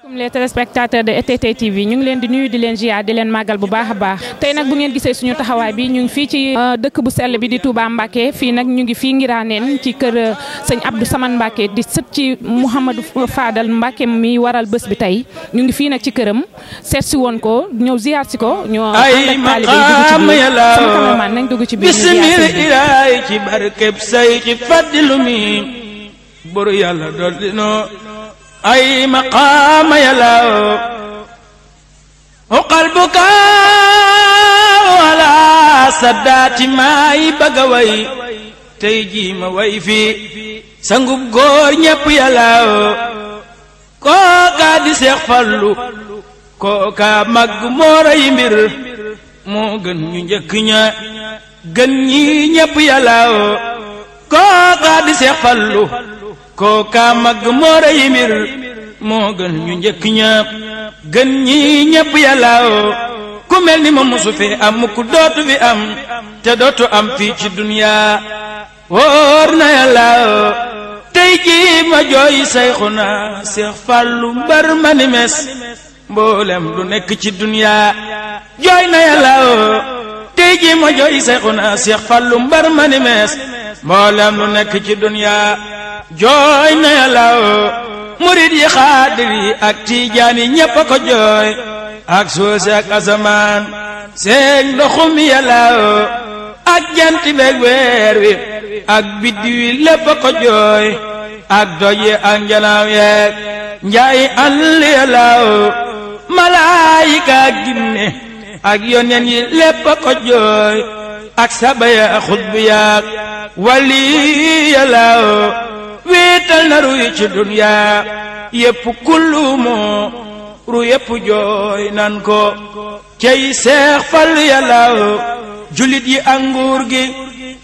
salaamaaleykum les téléspectateurs de RTT TV ñu ngi leen di nuyu di leen jiyaar di leen màggal bu baax a baax tey nag bu ngeen gisee suñu taxawaay bi ñu ngi fii ci euh, dëkk bu sell bi di Touba Mbacké fii nag ñu ngi fii Ngiraneen ci kër euh, sëñ Abdou Samane Mbacké di sët ci Mouhamadou Fadal Mbacké mi waral bés bi tey ñu ngi fii nag ci këram seet si woon ko ñëw ziyaar si ko ñoo ànd ak taalibe yi dugg ci biir sama cameraman nañ dugg ci barkeb say ci faddilu mi yàlla dool dinoo ay maqaama yalaw uqal bukaaw ala saddaati maay bëgg a way tey jii ma way fi sangub góor ñépp yalaw kookaa di seex fallu kookaa màgg moora yi mbir moo gën ñu njëkk ña gën ñi ñépp yalaw kookaa di seex fallu kooka mag moo rëy mbir moo gën ñu njëkk ñëpp gën ñi ñëpp yàlla ku mel ni ma musu fi am ku dootu fi am te dootu am fii ci duniya wóor na yàlla tey jii ma jooy sayxuna seex fàllu mbar ma ni mes mboolem lu nekk ci duniya jooy na yàlla tey jii ma jooy sayxuna seex fàllu mbar ma ni mes mboolem lu nekk ci duniya jooy na yàllaw murit yi xaadir yi ak tiijaan yi ko jooy ak suuf si ak asamaan seeg ndoxum yàllaw ak jant weer wi ak biddi wi ko jooy ak doj yi ak njaayi àll yàllaw malaayika ginne ak yoneen yi ko jooy ak sabaya xutbu yaag wali yàllaw wiital na ru yi ci duniyaa yépp kullu ko cey seex fallu yàlla jullit yi ak nguur gi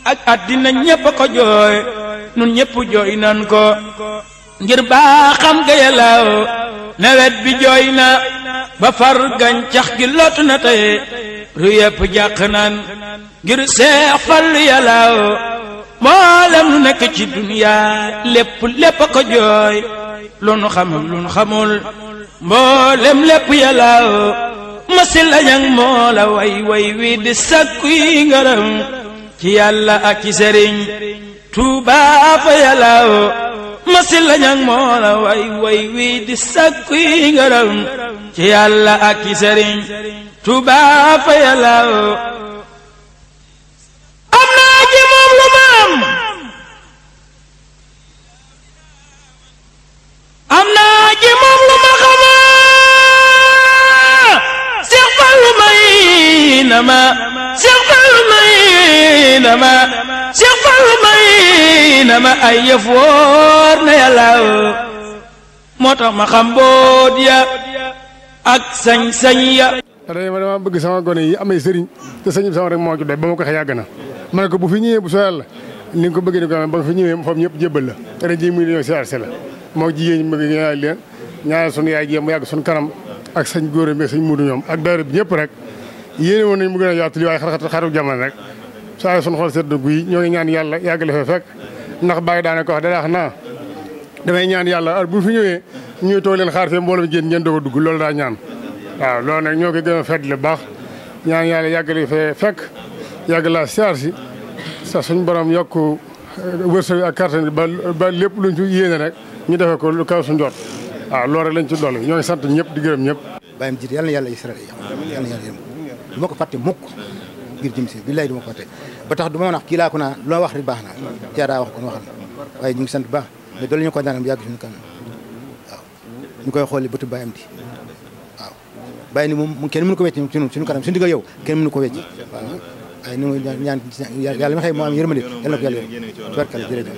ak àddina ñépp ko jooy nun ñépp jooy ko ngir baa xam ga yàlla nawet bi jooy na ba far gàncax gi lott na tey ru yépp nan ngir seex fallu yàlla mboolem lu na ci duniyaa lépp lépp a ko jooy lu nu xam ak xamul mboolem lépp yàllaaw masi lañag moo way way wi di sàkku yi ngërëm ci yàlla ak ci sëriñ Tuubaa fa yàllaaw masi way way wi di sàkku yi ngërëm ci yàlla ak ci sëriñ Maïnama Cheikh Fallou ay yëf moo tax ma xam boot ya ak sañ-sañ ya. dañu ma dama bëgg sama gone yi amee sëriñ te sëriñ sama rek moo ci ba ma ko xëy yàgg na ma ne ko bu fi ñëwee bu soo yàlla ni ko bëggee ni ko amee ba fi ñëwee foofu ñëpp jébbal la ren jii muy ñëw si arse la moo jigéen ñi bëgg ñaanal leen ñaanal sunu yaay jéem mu yàgg sunu kanam ak sañ góor yi ak sañ muudu ñoom ak daara bi ñëpp rek yéene woon nañ mu gën a yaatu lii waaye xar-xar xaru jamono rek saa sun xol sedd guy ñoo ngi ñaan yàlla yàggale fa fekk ndax bàyyi daane ko wax da wax naa damay ñaan yàlla bu fi ñëwee ñuy toog leen xaar fee mbooloo jéen ngeen doog a dugg loolu daa ñaan waaw loolu nag ñoo koy gën a fedd le baax ñaan yàlla yàggale fee fekk yàgg laa siyaar si sa suñ borom yokk uh, wërsëg ak kàttan ba ba lépp luñ ci yéene rek ñu defee ko lu kaw suñ jot waaw lool rek lañ ci dolli ñoo sant ñëpp di gërëm ñëpp bàyyam jiit yàlla du ma ko fàtte mukk ngir jëm si billaay du ma ko fàtte ba tax du ma wax kiilaako naa loo wax rek baax na jaadaa wax kon waxal waaye ñu ngi sant baax mais doolu ñu ko daanam yàgg suñu kanam waaw ñu koy xooli bëtu bàyyam di a bàyyi ni moom kenn mënu ko wecc ci suñu kanam suñu digg yow kenn mënu ko wecc waaw waaye a ñaan a yàlla mi xëy moo am a yàlla na ko yàlla yërëm a jërëjëf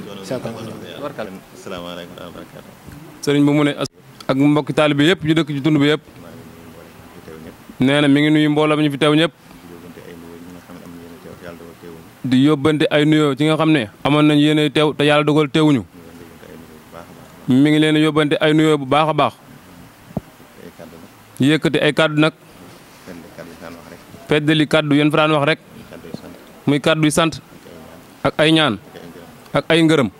salaamaaleykum wa rahmatulah sëriñ bu mu ne ak mbokki taalibe yëpp yu dëkk ci tund bi yëpp nee na mi ngi nuyu mbooloo mi ñu fi teew ñëpp. di yóbbante ay nuyoo ci nga xam ne amoon nañ yéenay tew te yàlla dogal tewuñu mi ngi leen yóbbante ay nuyoo bu baax a baax. yëkkati ay kàddu nag. feddali kàddu yéen fa wax rek. muy kàddu yi sant. ak ay ñaan. ak ay ngërëm.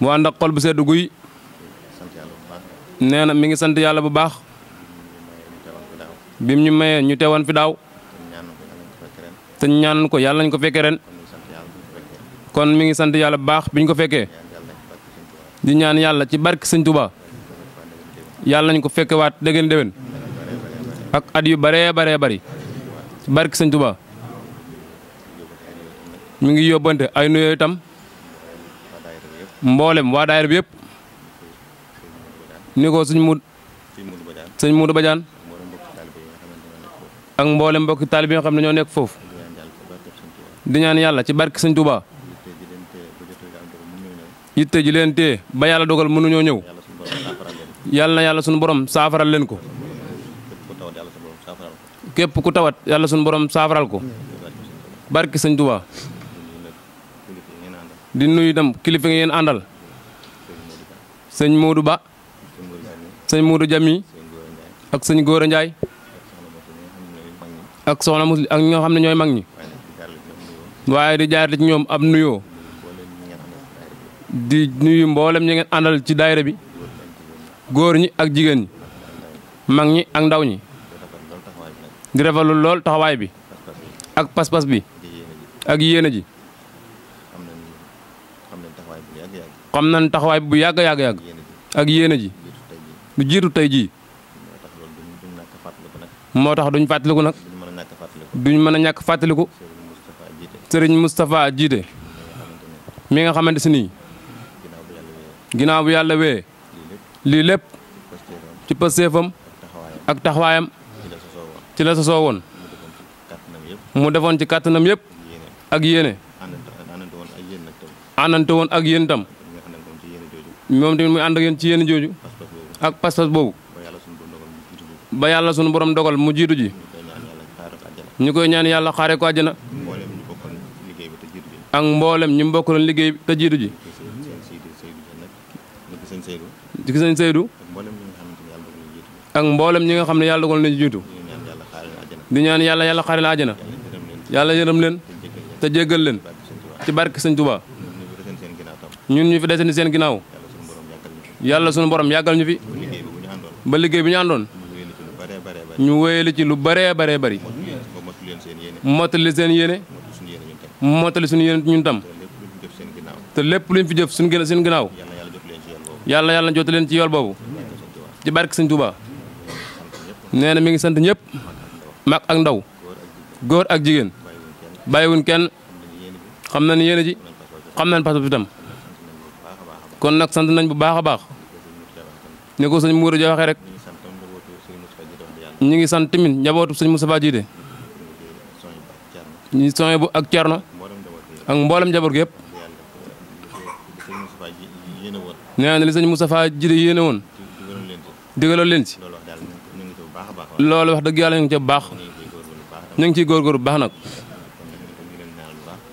mu ànd xol bu sedd guy. nee na mi ngi sant yàlla bu baax. bim ñu mayee ñu teewoon fi daaw te ñaan ko yàlla nañ ko fekkee ren kon mi ngi sant yàlla bu baax bi ñu ko fekkee di ñaan yàlla ci barke sëñ Touba yàlla nañ ko fekke waat dégeen déwén ak at yu baree baree bari ci barke sëñ Touba mi ngi yóbbante ay nuyoo itam mboolem waa daayira bi yëpp ni ko sëñ Moudou sëñ Moudou Badiane ak mboolem mbokki taalibe yi nga xam ne ñoo nekk foofu di ñaan yàlla ci barke sañ Touba yitte leen tee ba yàlla dogal mënuñoo ñëw yàlla na yàlla suñu borom saafaral leen ko képp ku tawat yàlla suñu borom saafaral ko barke sëñ Touba di nuyu itam kilifa ngeen àndal sëñ Modou Ba sëñ muudu Jami ak sëñ Gora Ndiaye ak soxna muslim ak ñoo xam ne ñooy mag ñi waaye di jaar ci ñoom ab nuyoo di nuyu mboolem ñi ngeen àndal ci daayira bi góor ñi ak jigéen ñi mag ñi ak ndaw ñi di rafetlu lool taxawaay bi ak pas-pas bi ak yéene ji xam nañ taxawaay bu yàgg yàgg yàgg ak yéene ji lu jiitu tey jii moo tax duñ fàttaliku nag. duñ mën a ñàkk fàttaliku sëriñ Moustapha Jiite mi nga xamante si nii ginnaaw bu yàlla wee lii lépp ci pasteefam ak taxawaayam ci la sosoo mu defoon ci kàttanam yëpp ak yéene àndante woon ak yéen moom tamit muy ànd ak ci yéene jooju ak pas-pas boobu ba yàlla sunu borom dogal mu jiitu ji ñu koy ñaan yàlla xaare ko àjjana ak mboolem ñu bokkaloon liggéey te jiitu ji ak mboolem ñi nga xam ne yàlla dogal na jiitu di ñaan yàlla yàlla xaare la àjjana yàlla yërëm leen te jéggal leen ci barke sëñ Touba ñun ñu fi desandi seen ginnaaw yàlla sunu boroom yàggal ñu fi ba liggéey bi ñu àndoon ñu wéyali ci lu bëree bëree bari mottali seen yéene mottali suñu yéene ñun tam te lépp luñ fi jëf suñu gën suñu ginnaaw yàlla yàlla jot leen ci yool boobu ci barke sëñ Tuubaa nee na mi ngi sant ñëpp mag ak ndaw góor ak jigéen bàyyiwuñ kenn xam na nañ yéene ji xam nañ pas bi tam kon nag sant nañ bu baax a baax ni ko sëñ Mourou ja waxee rek ñu ngi sant tamit njabootu sëñ Moustapha Jiite ñu soowee bu ak Thierno ak mboolam njaboot gi yëpp li sëñ musafa ji de yéene woon leen ci loolu wax dëgg yàlla ñu ngi ca baax ñu ngi ciy góorgóor bu baax nag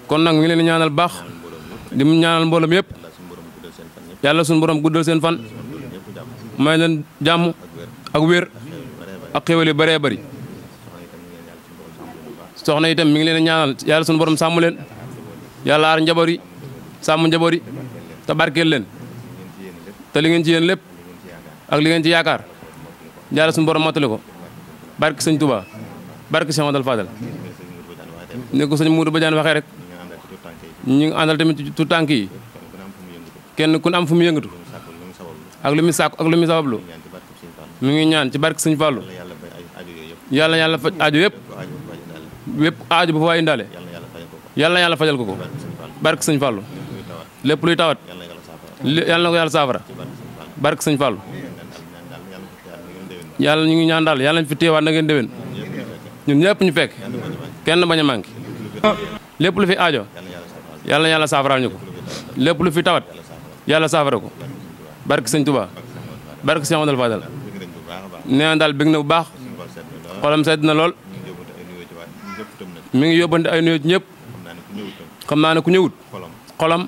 kon nag mi ngi leen di ñaanal baax di mu ñaanal mboolam yëpp yàlla suñu borom guddal seen fan may leen jàmm ak wér ak xéwal yu bëree bëri. soxna yi itam mi ngi leen a ñaanal yàlla sunu borom sàmm leen yàlla aar njaboot yi sàmm njaboot yi te barkeel leen te li ngeen ci yéen lépp ak li ngeen ci yaakaar yàlla sunu borom mottali ko barke sëñ Touba barke Cheikh Amadou Fadal ne ko sëñ Moudou Badiane waxee rek ñu ngi àndal tamit tu tànk yi kenn ku ne am fu mu yëngatu ak lu muy sàkku ak lu muy sabablu mi ngi ñaan ci barke sëñ Fallou yàlla yàlla faj aajo yëpp. wépp aaju bu fa waay indaale yàlla yàlla fajal ko ko barke sëñ Fallou lépp luy tawat yàlla saafara barke sëñ Fallou yàlla ñu ngi ñaan daal yàlla ñu fi téewaat na ngeen déwén ñëpp ñu fekk kenn bañ a lépp lu fi aajo yàlla na yàlla ñu ko lépp lu fi tawat yàlla saafara ko barke sëñ Touba barke sëñ Amadou Fadal daal bëgg bu baax xolam sedd na lool mi ngi yóbbante ay nuyoo ñëpp xam naa ne ku ñëwut xolam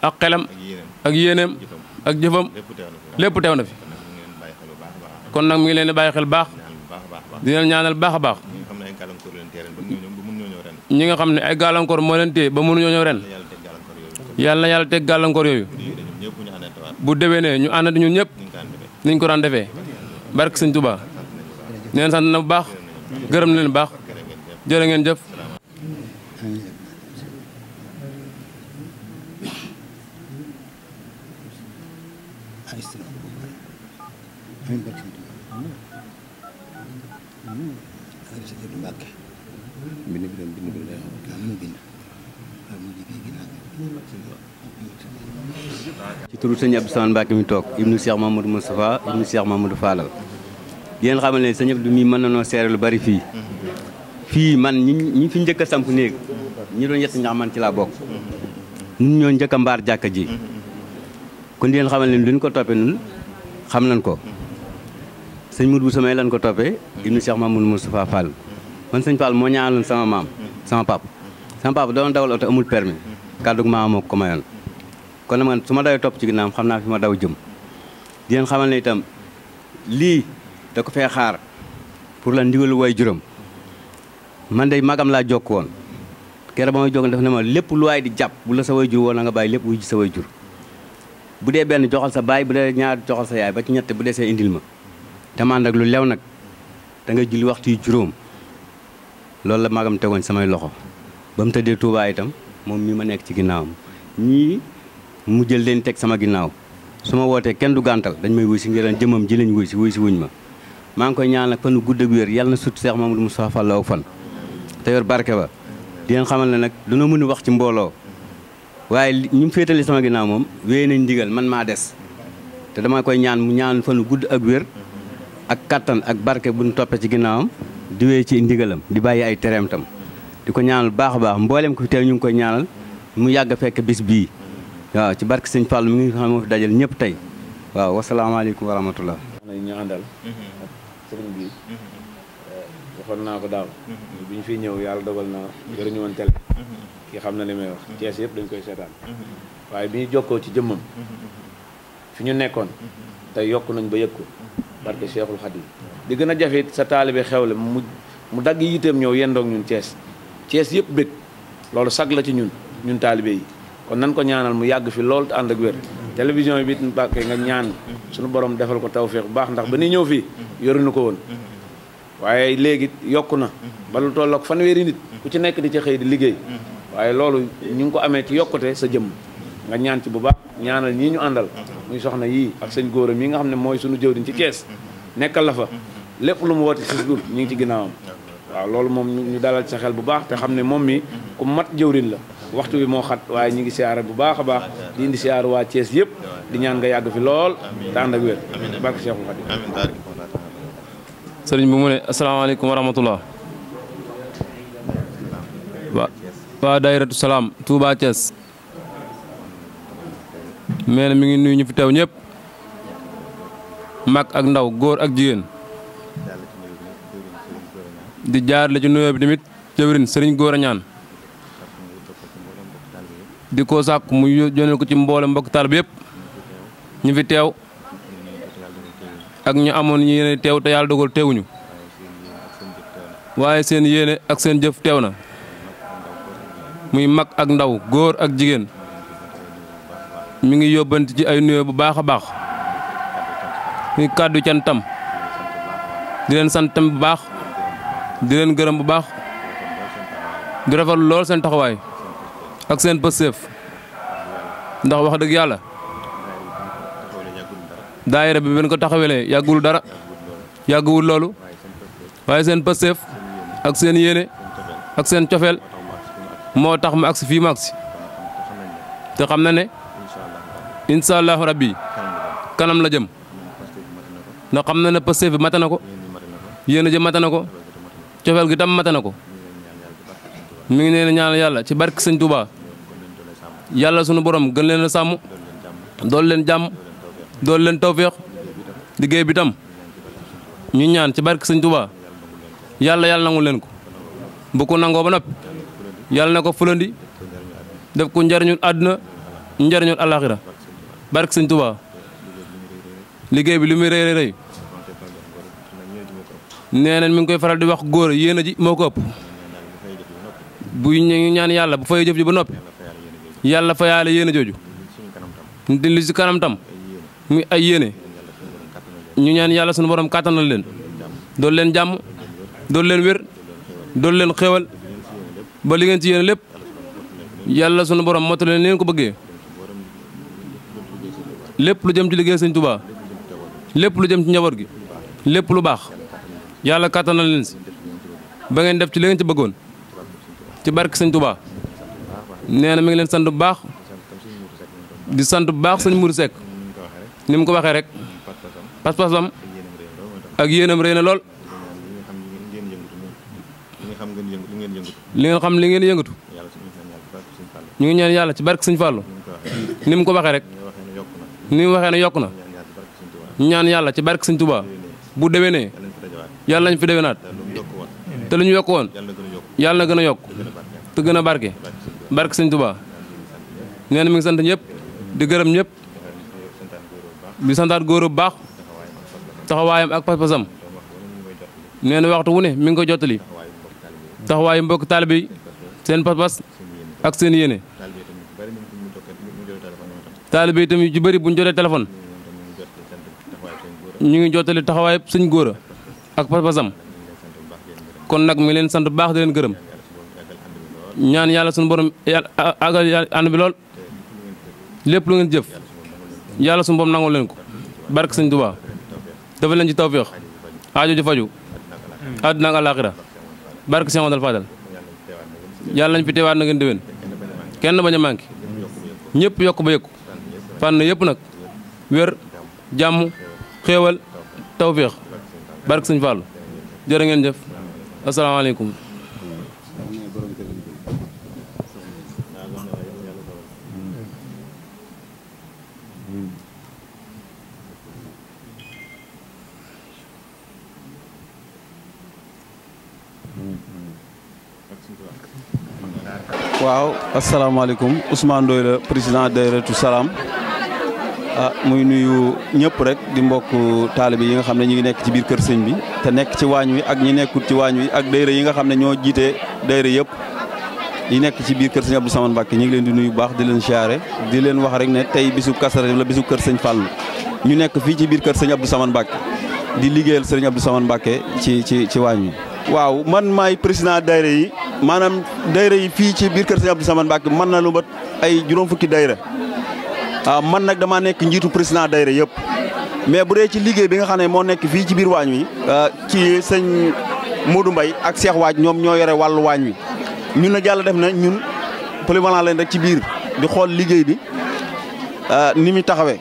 ak xelam ak yéeneem ak jëfam lépp teew na fi kon nag mi ngi leen di bàyyi xel baax dina ñaanal baax a baax ñi nga xam ne ay gàllankoor moo leen téye ba mënuñoo ñëw ren yàlla na yàlla teg gàllankoor yooyu bu ne ñu àndati ñun ñëpp niñ ko daan defee barke sëñ Tuubaa neen sant na bu baax gërëm leen baax jërë ngeen jëf sëñ Abdou Samane Mbacke mi toog ibnu Cheikh Mamadou Moustapha ibnu Cheikh Mamadou Fallal di leen xamal ne sëñ Abdou mii mën na noo seere lu bari fii fii man ñi fi njëkk a samp néeg ñi doon yett ñax man ci laa bokk ñun ñoo njëkk a mbaar jàkka ji kon di leen xamal ne duñ ko toppee nun xam nañ ko sëñ Mourou Samay lan ko toppee ibnu Cheikh Mamadou Moustapha Fall man sëñ Fall moo ñaanaloon sama maam sama pap sama pap doon dawal oto amul permis kàddug kon man su ma dawee topp ci ginnaawam xam naa fi ma daw jëm di leen xamal ne itam lii da ko fee xaar pour la ndigalu waay juróom man de magam laa jokk woon keroog ba may jokk dafa ne ma lépp lu waaye di jàpp bu la sa way jur woon na nga bàyyi lépp wuy ji sa way bu dee benn joxal sa baay bu dee ñaar joxal sa yaay ba ci ñett bu dee see indil ma te man lu lew nag da nga julli waxtu juróom loolu la magam tegoon samay loxo ba mu tëddee Tuubaa nekk ci ginnaawam mu jël leen teg sama ginnaaw su ma wootee kenn du gàntal dañ may wuy si ngir jëmam ji lañ wuy si wuy si wuñ ma maa ngi koy ñaan nag fanu gudd ak wér yàlla na sut Seex Mamadou Moustapha Fall ak fan te yor barke ba di leen xamal ne nag dañoo mën a wax ci mbooloo waaye ñu féetale sama ginnaaw moom wéy nañ ndigal man maa des te dama koy ñaan mu ñaan fanu gudd ak wér ak kattan ak barke bu ñu toppee ci ginnaawam di wéy ci ndigalam di bàyyi ay tereem tam di ko ñaanal baax a baax mboolem ku fi teew ñu ngi koy ñaanal mu yàgg fekk bis bii waaw ci barke sëñ Fall mi nga xam ne moo fi dajal ñëpp tey waaw wasalaamaaleykum wa rahmatullah ñu àndal ak mhm. sëriñ bi mhm. waxoon naa ko daaw mhm. bi ñu fiy ñëw yàlla dogal na jëriñu woon télé ki xam na li may wax Thiès yëpp dañ koy seetaan waaye bi ñu jokkoo ci jëmmam fi ñu nekkoon te yokk nañ ba yëg ko barke Cheikhul Khadim di gën a jafe sa taalibe xewle mu mu dagg yiteem ñëw yendoog ñun cees cees yëpp bëgg loolu sag la ci ñun ñun taalibe kon nan ko ñaanal mu yàgg fi lool te ànd ak wér télévision bi it mbàkkee nga ñaan suñu borom defal ko tawféex bu baax ndax ba ni ñëw fii yoruñu ko woon waaye léegi yokku na ba lu toll ak fanweeri nit ku ci nekk di ca xëy di liggéey waaye loolu ñu ngi ko amee ci yokkute sa jëmm nga ñaan ci bu baax ñaanal ñii ñu àndal muy soxna yii ak sëñ góoram yi nga xam ne mooy suñu jëwriñ ci kees nekkal la fa lépp lu mu woote si dul ñu ngi ci ginnaawam waaw loolu moom ñu dalal ci bu baax te xam ne moom mi ku mat jëwriñ la waxtu wi moo xat waaye ñu ngi siyaare bu baax a baax di indi siyaare waa Thiès yëpp di ñaan nga yàgg fi lool te ànd ak wér barke Cheikhul Khadim sëriñ bi mu ne asalaamaaleykum wa rahmatullah waa dayratu salaam Touba Thiès mee na mi ngi nuyu ñu fi teew ñëpp mag ak ndaw góor ak jigéen di jaar la ci nuyoo bi tamit jëwrin sëriñ góor a ñaan di ko sàkk mu yónnee ko ci mboole mbokk taalibe yëpp ñu fi teew ak ñu amoon yéene teew te yàlla dogal teewuñu waaye seen yéene ak seen jëf teew na muy mag ak ndaw góor ak jigéen mu ngi yóbbante ci ay nuyoo bu baax a baax muy kàddu cantam di leen santam bu baax di leen gërëm bu baax di rafetlu lool seen taxawaay. ak seen pësëf ndax wax dëgg yàlla daayira bi ben ko taxawele yàggul dara yàgguwul loolu waaye seen pësëf ak seen yéene ak seen cofeel moo tax mu agsi fii mu agsi te xam na ne incha allahu rabbi kanam la jëm ndax xam na ne pësëf bi mate na ko yéene jëm mate na ko cofeel gi tam mate na ko. mi ngi leen ñaanal yàlla ci barke sëñ Touba yàlla sunu borom gën leen a sàmm dool leen jàmm dool leen tawféex liggéey bi tam ñu ñaan ci barke sëñ Touba yàlla yàlla nangu leen ko bu ko nangoo ba noppi yàlla na ko fulandi def ko njariñul àdduna njariñul alaxira barke sëñ Touba liggéey bi li muy rëy rey nee nañ mi ngi koy faral di wax góor yéen a ji moo ko ëpp. bu ñu ñaan yàlla bu fay jëf ji ba noppi yàlla fa yàlla yéene jooju di li si kanam tam muy ay yéene ñu ñaan yàlla sunu borom kàttanal leen doon leen jàmm doon leen wér doon leen xéwal ba li ngeen ci yéene lépp yàlla sunu borom motu leen leen ko bëggee lépp lu jëm ci liggéey sëñ Tuubaa lépp lu jëm ci njaboot gi lépp lu baax yàlla kàttanal leen si ba ngeen def ci li ci bëggoon ci barke sëñ Touba nee na mi ngi leen sant bu baax di sant bu baax sëñ Mourou Seck ni mu ko waxee rek pas-pasam ak yéenam rëy na lool. li ngeen xam li ngeen yëngatu ñu ngi ñaan yàlla ci barke sañ Fallou ni mu ko waxee rek ni mu waxee ne yokk na ñaan yàlla ci barke sëñ Touba bu déwénee yàlla nañ fi déwénaat te lu ñu yokk woon. yàlla na gën a yokk te gën a barke barke sëñ Tuubaa nee mi ngi sant ñëpp di gërëm ñëpp di santaat góor bu baax taxawaayam ak pas-pasam waxtu wu ne mi ngi ko jottali taxawaayu mbokk taalibe yi seen pas ak seen yéene taalibe yi tamit ju bëri bu ñu jotee ñu ngi jottali taxawaayam sëñ góor ak pas kon nag mi leen sant baax di leen gërëm ñaan yàlla suñu borom àggal ànd bi lool lépp lu ngeen jëf yàlla suñu borom nangul leen ko bark sëñ Tuubaa dafa leen ci tawféex aajo ji faju àddina ak àllaaxira barke sëñ Amadou Fadal yàlla nañ fi teewaat na ngeen déwén kenn bañ a manqué yokk ba yëkku fànn yëpp nag wér jàmm xéewal tawféex barke sëñ Fallou jërë ngeen jëf asalaamaaleykum. waaw asalaamaaleykum Ousmane la président Dahiratoul salaam ah muy nuyu ñëpp rek di mbokk taalibe yi nga xam ne ñu ngi nekk ci biir kër sëñ bi te nekk ci waañ wi ak ñu nekkul ci waañ wi ak dayra yi nga xam ne ñoo jiite dayra yëpp yi nekk ci biir kër sëñ Abdou Samane Mbacke ñu ngi leen di nuyu baax di leen siyaare di leen wax rek ne tey bisu Kazu-Rajab la bisu kër sëñ Fallou ñu nekk fii ci biir kër sëñ Abdou Samane Mbacke di liggéeyal sëñ Abdou Samane Mbacke ci ci ci waañ wi waaw man maay président dayra yi maanaam dayra yi fii ci biir kër sëñ Abdou Samane Mbacke mën na lu mat ay juróom fukki dayre Ah, man nag damaa nekk njiitu président daayira yëpp mais bu dee ci liggéey bi nga xam ne moo nekk fii ci biir waañ wi ah, ci sëñ Modou Mbaye ak Cheikh Waaj ñoom ñoo yore wàllu waañ wi ñun nag yàlla def na ñun polyvalent leen rek ci biir di xool liggéey bi ah, ni muy taxawee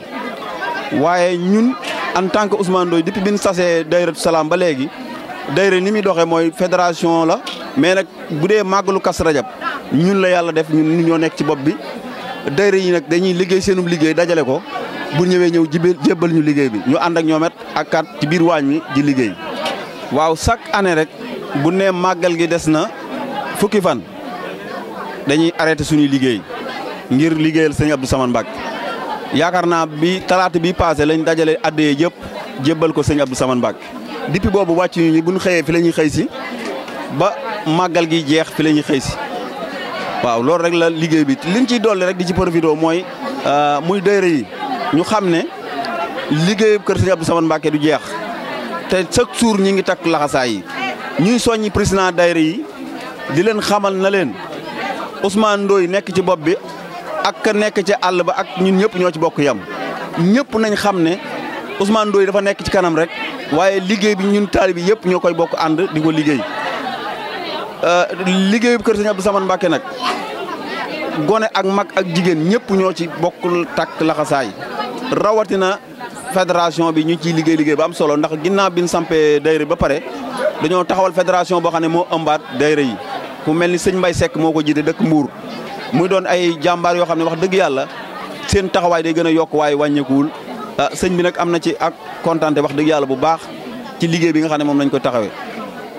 waaye ñun en tant que Ousmane Ndoye depuis bi sasee dayratu salaam ba léegi dayre ni muy doxee mooy fédération la mais nag bu dee màggalu kas Rajab ñun la yàlla def ñun ñoo nekk ci bopp bi dayra yi nag dañuy liggéey seenum liggéey dajale ko bu ñëwee ñëw jibal jébbal ñu liggéey bi ñu ànd ak ñoom ak kat ci biir waañ wi di liggéey waaw chaque année rek bu nee màggal gi des na fukki fan dañuy arrêté suñuy liggéey ngir liggéeyal sëñ Abdou Samane Mbacke yaakaar naa bi talaata bi passé lañ dajale addee yëpp jébbal ko sëñ Abdou Samane Mbacke depuis boobu wàcc ñu ñi bu ñu xëyee fi la ñuy xëy si ba màggal gi jeex fi la ñuy xëy si waaw loolu rek la liggéey bi liñ ciy dolli rek di ci doo mooy euh, muy dayra yi ñu xam ne liggéey kër Serigne Abdou Samad Mbacké du jeex te chaque jour ñi ngi takk laxasaay yi ñuy soññi président dayra yi di leen xamal na leen Ousmane Ndoye nekk ci bopp bi ak ka nekk ci àll ba ak ñun ñëpp ñoo ci bokk yam ñëpp nañ xam ne Ousmane Ndoye dafa nekk ci kanam rek waaye liggéey bi ñun taalibe yi yëpp ñoo koy bokk ànd di ko liggéey euh, liggéey bu kër Serigne Abdou Samad Mbacké nag gone ak mag ak jigéen ñëpp ñoo ci bokkul takk laxasaay rawatina fédération bi ñu ciy liggéey liggéey ba am solo ndax ginnaaw bi ñu sampee daayira ba pare dañoo taxawal fédération boo xam ne moo ëmbaat daayira yi ku mel ni sëñ Mbay sekk moo ko jiite dëkk Mbuur muy doon ay jàmbaar yoo xam ne wax dëgg yàlla seen taxawaay day gën a yokk waaye wàññeekuwul ah, sëñ bi nag am na ci ak kontaan wax dëgg yàlla bu baax ci liggéey bi nga xam ne moom lañ ko taxawe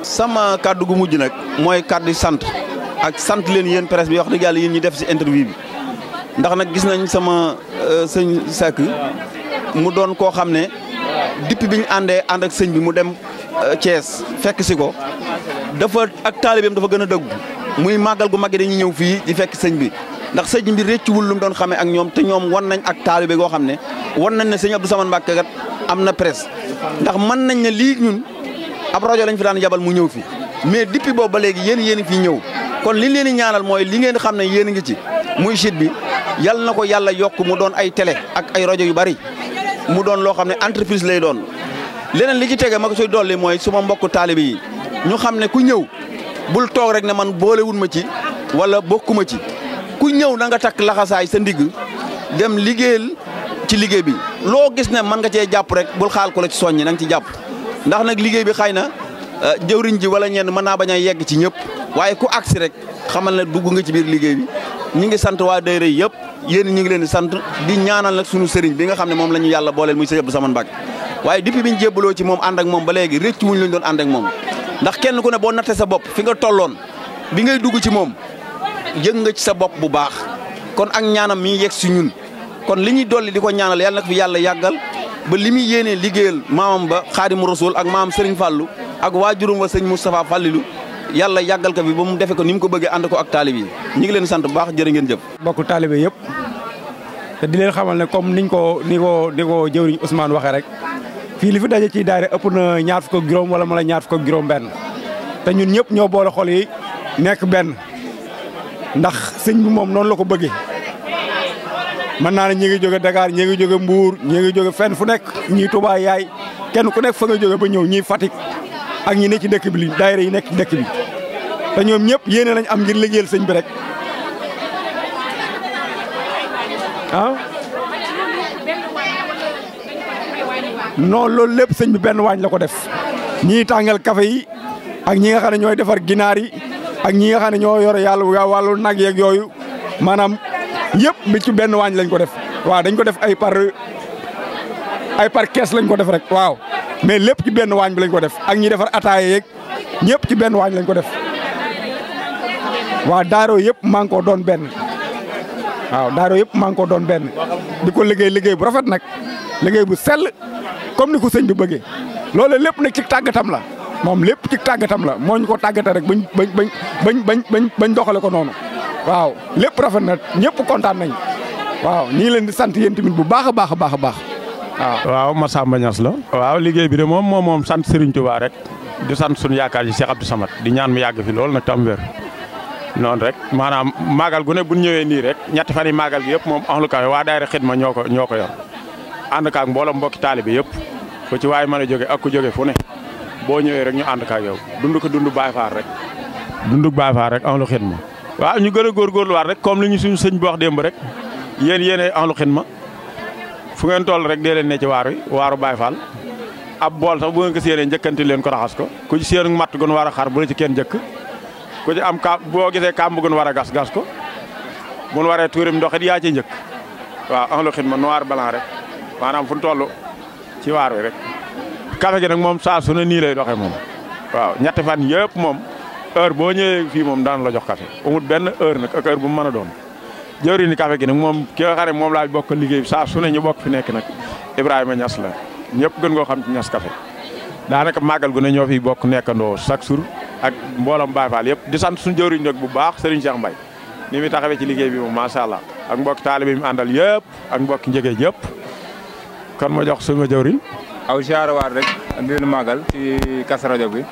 sama kàddu gu mujj nag mooy kàddu sant. ak sant leen yéen presse bi wax dëgg yàlla yéen ñi def si interview bi ndax nag gis nañ sama euh, sëñ Seck mu doon koo xam ne depuis bi ñu àndee ànd ak sëñ bi mu dem euh, Thiès fekk si ko dafa ak taalibeem dafa gën a dëggu muy màggal gu mag yi dañuy ñëw fii di fekk sëñ bi ndax sëñ bi réccuwul lu mu doon xamee ak ñoom te ñoom wan nañ ak taalibe goo xam ne wan nañ ne sëñ Abdou Samane Mbacke kat am na presse ndax mën nañ ne lii ñun ab rajo lañ fi daan yabal mu ñëw fi mais depuis boobu ba léegi yéen yéen fi ñëw kon li leen di ñaanal mooy li ngeen xam ne yéen ngi ci muy site bi yal na ko yàlla yokk mu doon ay télé ak ay rajo yu bari mu doon loo xam ne entreprise lay doon. leneen li ci tege ma ko suy dolli mooy suma mbokk taalibe yi ñu xam ne ku ñëw bul toog rek ne man boolewul ma ci wala bokkuma ci ku ñëw na nga takk laxasaay sa ndigg dem liggéeyal ci liggéey bi loo gis ne mën nga cee jàpp rek bul xaal ko la ci soññi na nga ci jàpp ndax nag liggéey bi xay na euh, jëwriñ ji wala ñenn mën naa bañ a yegg ci ñëpp. waaye ku agsi rek xamal na dugg nga ci biir liggéey bi ñi ngi sant waa daayira yëpp yéen ñi ngi leen di sant di ñaanal nag sunu sëriñ bi nga xam ne moom la ñu yàlla booleel muy sëriñ Abdou Samane Mbacke waaye depuis bi ñu ci moom ànd ak moom ba léegi rëcc wuñ lañ doon ànd moom ndax kenn ku ne boo nattee sa bopp fi nga tolloon bi ngay dugg ci moom yëg nga ci sa bopp bu baax kon ak ñaanam mi ngi yegg si ñun kon li ñuy dolli di ko ñaanal yàlla nag fi yàlla yàggal ba li muy yéenee liggéeyal maamam ba xaadimu rasul ak maam Serigne Fallou ak waajurum wa sëñ Moustapha Fallilou yàlla yàggal ko bi ba mu defe ko ni mu ko bëggee ànd ko ak taalib yi ñu ngi leen sant bu baax jërë ngeen jëf. mbokk taalib yëpp te di xamal ne comme niñ ko ni ko ni ko jëwriñ Ousmane waxee rek fii li fi daje ci daayira ëpp na ñaar fukk ak juróom wala mala ñaar fukk ak juróom benn te ñun ñëpp ñoo boole xol nekk benn ndax sëñ bi moom noonu la ko bëggee mën naa ne ñi ngi jóge Dakar ñi ngi jóge mbuur ñi ngi jóge fenn fu nekk ñii Touba yaay kenn ku nekk fa nga jóge ba ñëw ñii Fatick ak ñi ne ci dëkk bi li daayira yi nekk ci dëkk bi te ñoom ñëpp yéene lañ am ngir liggéeyal sëñ bi rek ah non loolu lépp sëñ bi benn waañ la ko def ñii tàngal kafe yi ak ñi nga xam ne ñooy defar ginaar yi ak ñi nga xam ne ñoo yore yàlla waa wàllu nag yeeg yooyu maanaam yëpp bi ci benn waañ lañ ko def waa dañ ko def ay par ay par kees lañ ko def rek waaw mais lépp ci benn waañ bi lañ ko def ak ñi defar ataaya yeeg ñëpp ci benn waañ lañ ko def waaw daaro yëpp maa ngi koo doon benn waaw daaro yëpp maa ngi koo doon benn di ko liggéey liggéey bu rafet nag liggéey bu sell comme ni ko sëñ bi bëggee loole lépp nag ci tàggatam la moom lépp ci tàggatam la moo ko tàggata rek bañ bañ bañ bañ bañ doxale ko noonu waaw lépp rafet nag ñëpp kontaan nañ waaw ñu ngi leen di sant yéen tamit bu baax a baax a baax a baax. waaw Massamba Niass la. waaw liggéey bi de moom moom moom sant Serigne Touba rek di sant suñu yaakaar yi Cheikh Abdou Samad di ñaan mu yàgg fi lool na tam wér noonu rek maanaam maagal gu ne bu ñëwee nii rek ñetti fan yi maagal gi yëpp moom ahlu kafe waa daayira xidma ñoo ko ñoo ko yor ànd kaag mbooloo mbokki taalibe yëpp ko ci waaye mën a jóge ak ku jóge fu ne boo ñëwee rek ñu ànd kaag yow dund ko dund Baay Faal rek dund Baay Faal rek ahlu xidma waaw ñu a góorgóorluwaat rek comme li ñu suñu sëñ bi wax démb rek yéen fu ngeen toll rek dee leen ne ci waar wi waaru Baay Faal ab bool sax bu ngeen ko séenee njëkkanti leen ko raxas ko ku ci séenu matt gun war a xar bu la ci kenn njëkk ku ci am ka boo gisee kàmb gun war a gas gas ko mun waree tuurim ndox it yaa ci njëkk waaw en xit ma waar blanc rek maanaam fu ñu toll ci waar rek café gi nag moom saa su ne nii lay doxee moom waaw ñetti fan yëpp moom heure boo ñëwee fii moom daan la jox café amul benn heure na ak heure bu mu mën a doon jëwri ni café gi nag moom ki nga moom laa bokk liggéey bi saa su ne ñu bokk fi nekk nag Ibrahima Niass la ñëpp gën koo xam ci Niass café daanaka màggal gu ne ñoo fi bokk nekkandoo chaque jour ak mboolam Baye Fall yëpp di sant suñu jëwriñ nag bu baax Serigne Cheikh mbay ni muy taxawee ci liggéey bi moom macha allah ak mbokk taalibe bi mu àndal yëpp ak mbokk njëgee yëpp kon ma jox suma jëwriñ aw siyaarawaat rek di leen màggal ci Kazu Rajab bi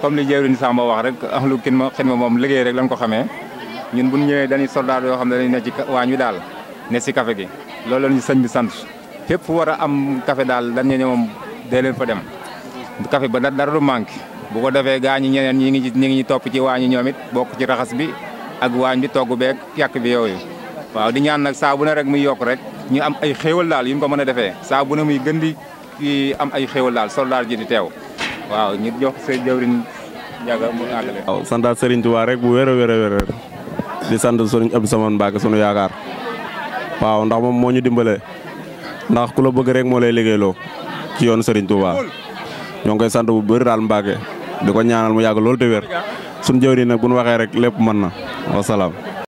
comme li jëwriñ Samba wax rek ahlu kin ma xin ma moom liggéey rek lañ ko xamee ñun bu ñu ñëwee dañuy soldat yoo xam ne dañuy ne ci waañ wi daal ne si café gi loolu la ñu sëñ bi sant fépp fu war a am kafe daal dañ ne moom dee leen fa dem café ba dara du manqué bu ko defee gaa ñi ñeneen ñi ngi ñi ngi topp ci waañu ñoom it bokk ci raxas bi ak waañ bi toog bee yàq bi yooyu waaw di ñaan nag saa bu ne rek muy yokk rek ñu am ay xéewal daal yu ñu ko mën a defee saa bu ne muy gën di am ay xéewal daal soldat ji di teew waaw ñu jox seen jawriñ Ndiaga mu àggale waaw santaat Serigne Touba rek bu wér a wér a wér di sant sëriñ Abdou Samane Mbacke sunu yaakaar waaw ndax moom moo ñu dimbale ndax ku la bëgg rek moo lay liggéeyloo ci yoonu sëriñ Touba ñoo ngi koy sant bu bëri daal Mbacke di ko ñaanal mu yàgg loolu te wér suñu jëwriñ nag bu ñu waxee rek lépp mën na wasalaam.